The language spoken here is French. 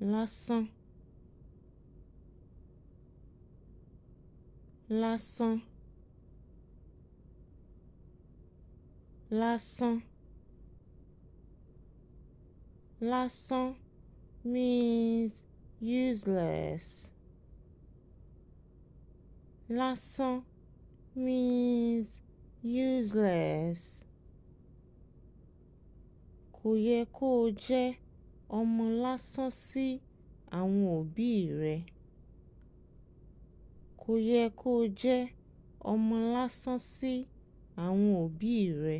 lassant, lassant, lassant, lassant means useless. Lassant means useless. Couillet, yẹ ọmọ lásán sí àwọn òbí rẹ. Kò yẹ kó jẹ́ ọmọ lásán sí àwọn òbí rẹ.